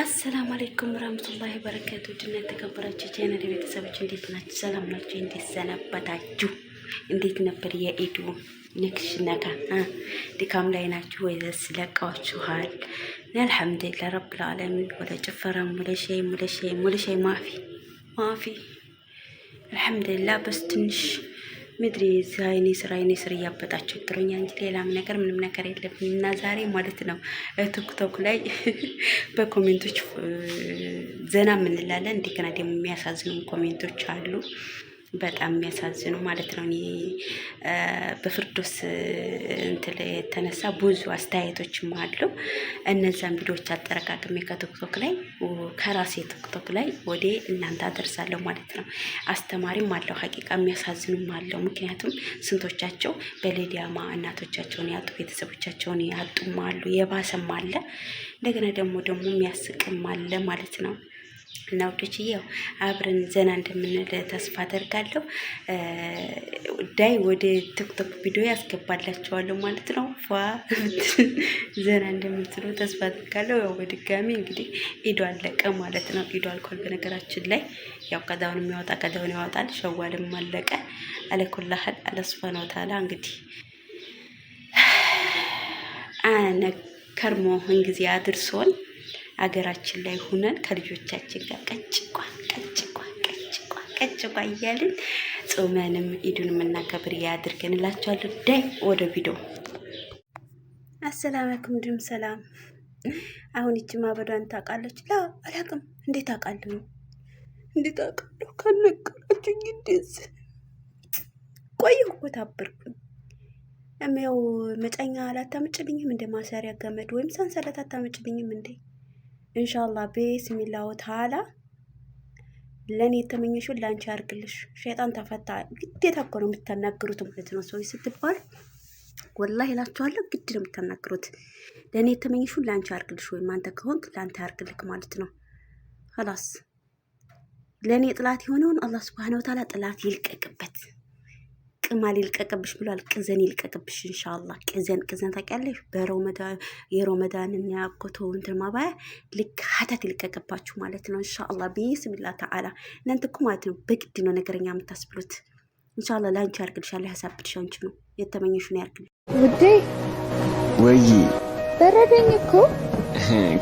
አሰላሙ አለይኩም ወራህመቱላሂ ወበረካቱ ድና የተከበራችሁ ቻናል ቤተሰቦች እንዴት ናችሁ? ሰላም ናችሁ? እንዴት ሰነበታችሁ? እንዴት ነበር የኢዱ ንክሽ ነካ ድካም ላይ ናችሁ ወይስ ለቃችኋል? አልሐምዱሊላህ ረብል ዓለሚን ወለ ጭፈራም ወለ ሸይም ወለ ሸይም ወለ ሸይም ማፊ ማፊ አልሐምዱሊላህ በስ ትንሽ ምድሪ አይኔ ስራ አይኔ ስር እያበጣቸው ጥሮኛ እንጂ ሌላም ነገር ምንም ነገር የለብኝ እና ዛሬ ማለት ነው ቲክቶክ ላይ በኮሜንቶች ዘና የምንላለን። እንደገና ደግሞ የሚያሳዝኑ ኮሜንቶች አሉ። በጣም የሚያሳዝኑ ማለት ነው። በፍርዶስ እንትን የተነሳ ብዙ አስተያየቶችም አሉ። እነዛን ቪዲዮዎች አጠረቃቅሜ ከቶክቶክ ላይ ከራሴ ቶክቶክ ላይ ወደ እናንተ አደርሳለሁ ማለት ነው። አስተማሪም አለው ሀቂቃ የሚያሳዝኑም አለው። ምክንያቱም ስንቶቻቸው በሌዲያማ እናቶቻቸውን ያጡ ቤተሰቦቻቸውን ያጡም አሉ፣ የባሰም አለ። እንደገና ደግሞ ደግሞ የሚያስቅም አለ ማለት ነው። እና ውዶችዬ ያው አብረን ዘና እንደምንል ተስፋ አደርጋለሁ። ዳይ ወደ ቲክቶክ ቪዲዮ ያስገባላችኋለሁ ማለት ነው። ፏ ዘና እንደምትሉ ተስፋ አደርጋለሁ። ያው በድጋሚ እንግዲህ ኢዶ አለቀ ማለት ነው። ኢዶ አልኳል። በነገራችን ላይ ያው ቀዳውን የሚያወጣ ቀዳውን ያወጣል። ሸዋልም አለቀ። አለኩላህል አለስፋን ወታላ እንግዲህ አነ ከርሞ ጊዜ አድርሶን አገራችን ላይ ሁነን ከልጆቻችን ጋር ቀጭቋ ቀጭቋ ቀጭቋ ቀጭቋ እያልን ጾመንም ኢዱን የምናከብር ያድርገን እላችኋለሁ። ዳይ ወደ ቪዲዮ አሰላም አለይኩም ድም ሰላም። አሁን እቺ ማበዷን ታውቃለች? ላ አላውቅም። እንዴት አውቃለሁ? እንዴት አውቃለሁ? ካልነገራችሁኝ እንዴት ቆየሁ እኮ ታበርኩኝ። ያው መጫኛ አላታምጭልኝም እንደ ማሰሪያ ገመድ ወይም ሰንሰለት አታምጭልኝም እንዴ? እንሻላ ቤስሚላሁ ተዓላ ለእኔ የተመኘሽውን ለአንቺ ያርግልሽ። ሸይጣን ተፈታ። ግዴታ እኮ ነው የምታናግሩት ማለት ነው። ሰዎች ስትባል ወላሂ እላችኋለሁ ግድ ነው የምታናግሩት። ለእኔ የተመኘሽውን ለአንቺ ያርግልሽ፣ ወይም አንተ ከሆንክ ለአንተ ያርግልክ ማለት ነው። ላስ ለእኔ ጥላት የሆነውን አላህ ስብሐነ ወተዓላ ጥላት ይልቀቅበት። ቅማል ይልቀቅብሽ ብሏል። ቅዘን ይልቀቅብሽ እንሻላ። ቅዘን ቅዘን ታውቂያለሽ? የሮመዳን ያጎቶ እንትን ማባያ ልክ ሀተት ይልቀቅባችሁ ማለት ነው። እንሻላ ቢስሚላ ተዓላ እናንተ እኮ ማለት ነው በግድ ነው ነገረኛ የምታስብሉት። እንሻላ ለአንቺ ያርግልሻለ። ያሳብድሽ አንቺ ነው የተመኘሽን ያርግል። ውዴ ወይ በረደኝ እኮ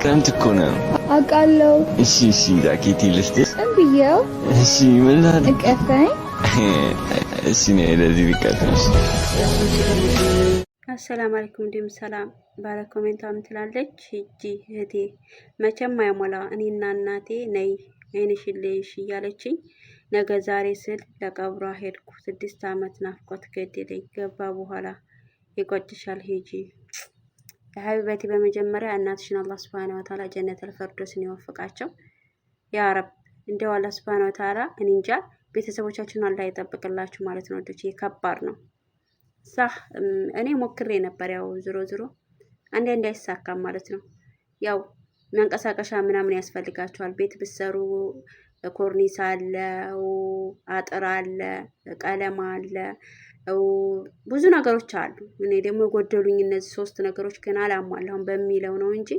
ክረምት እኮ ነው አውቃለሁ። እሺ እሺ ዳኬቴ ልስጥሽ ብዬው እሺ ምን እቀፈኝ እስኪ ለዚህ ቢቀጥልስ። አሰላም አለይኩም እንዲሁም ሰላም ባለ ኮሜንቷም ትላለች እጂ እህቴ መቼም አይሞላ እኔና እናቴ ነይ አይንሽልሽ እያለችኝ ነገ ዛሬ ስል ለቀብሯ ሄድኩ። ስድስት አመት ናፍቆት ገደለኝ። ገባ በኋላ ይቆጭሻል ሄጂ የሀቢበቲ በመጀመሪያ እናትሽን አላህ ስብሃነ ወተዓላ ጀነት ፈርዶስን ይወፍቃቸው ያ ረብ። እንደው አላህ ስብሃነ ወተዓላ እኔ እንጃ ቤተሰቦቻችን አላህ ይጠብቅላችሁ ማለት ነው። ወዶች ከባድ ነው። ሳህ እኔ ሞክሬ ነበር። ያው ዝሮ ዝሮ አንዴ አንዴ አይሳካም ማለት ነው። ያው መንቀሳቀሻ ምናምን ያስፈልጋቸዋል። ቤት ብሰሩ ኮርኒስ አለ፣ አጥር አለ፣ ቀለም አለ፣ ብዙ ነገሮች አሉ። እኔ ደግሞ የጎደሉኝ እነዚህ ሶስት ነገሮች ግን አላሟላሁም በሚለው ነው እንጂ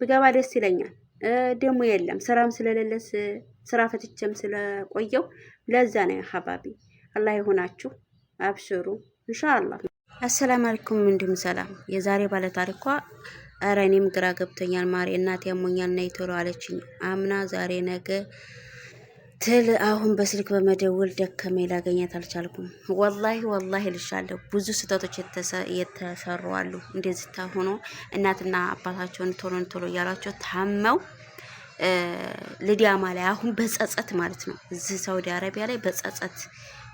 ብገባ ደስ ይለኛል። ደግሞ የለም ስራም ስለሌለ ስራ ፈትቼም ስለቆየው ለዛ ነው ሀባቢ አላህ የሆናችሁ አብሽሩ ኢንሻአላህ። አሰላም አለይኩም እንዲሁም ሰላም። የዛሬ ባለ ታሪኳ ኧረ እኔም ግራ ገብቶኛል ማሬ እናቴ ያሞኛል ና ቶሎ አለችኝ። አምና ዛሬ ነገ ትል አሁን በስልክ በመደወል ደከመኝ ላገኛት አልቻልኩም። ወላሂ ወላሂ ልሻለሁ። ብዙ ስህተቶች የተሰሩ አሉ። እንደዚህ ሆኖ እናትና አባታቸውን ቶሎን ቶሎ እያሏቸው ታመው ልዲያማ ላይ አሁን በጸጸት ማለት ነው እዚህ ሳውዲ አረቢያ ላይ በጸጸት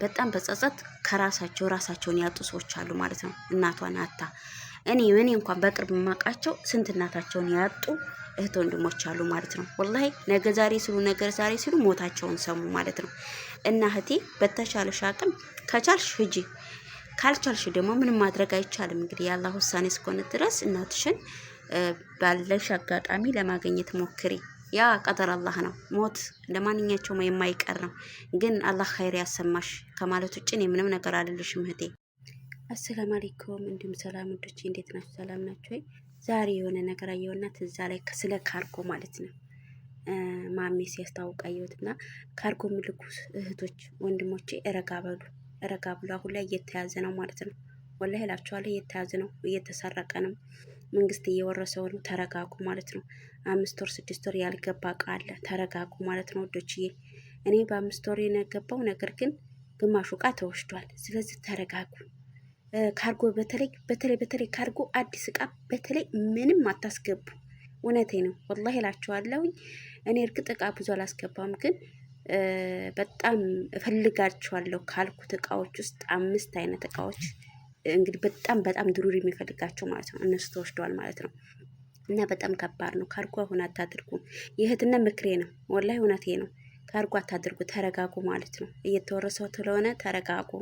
በጣም በጸጸት ከራሳቸው ራሳቸውን ያጡ ሰዎች አሉ ማለት ነው። እናቷን አታ እኔ እኔ እንኳን በቅርብ የማውቃቸው ስንት እናታቸውን ያጡ እህት ወንድሞች አሉ ማለት ነው። ወላሂ ነገ ዛሬ ሲሉ ነገር ዛሬ ሲሉ ሞታቸውን ሰሙ ማለት ነው። እና እህቴ በተቻለሽ አቅም ከቻልሽ ሂጂ፣ ካልቻልሽ ደግሞ ምንም ማድረግ አይቻልም። እንግዲህ የአላህ ውሳኔ እስከሆነ ድረስ እናትሽን ባለሽ አጋጣሚ ለማግኘት ሞክሬ? ያ ቀደር አላህ ነው። ሞት ለማንኛቸውም የማይቀር ነው። ግን አላህ ኸይር ያሰማሽ ከማለት ውጭ እኔ ምንም ነገር አልልሽም እህቴ። አሰላም አለይኩም እንዲሁም ሰላም ውዶቼ፣ እንዴት ናችሁ? ሰላም ናችሁ ወይ? ዛሬ የሆነ ነገር አየሁና እዛ ላይ ስለ ካርጎ ማለት ነው ማሜ ሲያስታውቅ አየሁትና ካርጎ ምልኩ እህቶች ወንድሞቼ፣ እረጋ በሉ እረጋ ብሎ አሁን ላይ እየተያዘ ነው ማለት ነው። ወላሂ እላችኋለሁ እየተያዘ ነው፣ እየተሰረቀ ነው። መንግስት እየወረሰው ነው። ተረጋጉ ማለት ነው። አምስት ወር ስድስት ወር ያልገባ እቃ አለ። ተረጋጉ ማለት ነው ወዶችዬ። እኔ በአምስት ወር የነገባው ነገር ግን ግማሹ እቃ ተወስዷል። ስለዚህ ተረጋጉ። ካርጎ በተለይ በተለይ በተለይ ካርጎ አዲስ እቃ በተለይ ምንም አታስገቡ። እውነቴ ነው፣ ወላሂ እላችኋለሁኝ። እኔ እርግጥ እቃ ብዙ አላስገባም፣ ግን በጣም እፈልጋችኋለሁ ካልኩት እቃዎች ውስጥ አምስት አይነት እቃዎች እንግዲህ በጣም በጣም ድሩር የሚፈልጋቸው ማለት ነው። እነሱ ተወስደዋል ማለት ነው። እና በጣም ከባድ ነው። ካርጎ አሁን አታድርጉ። የእህትና ምክሬ ነው። ወላሂ እውነቴ ነው። ካርጎ አታድርጉ። ተረጋጉ ማለት ነው። እየተወረሰው ስለሆነ ተረጋጉ።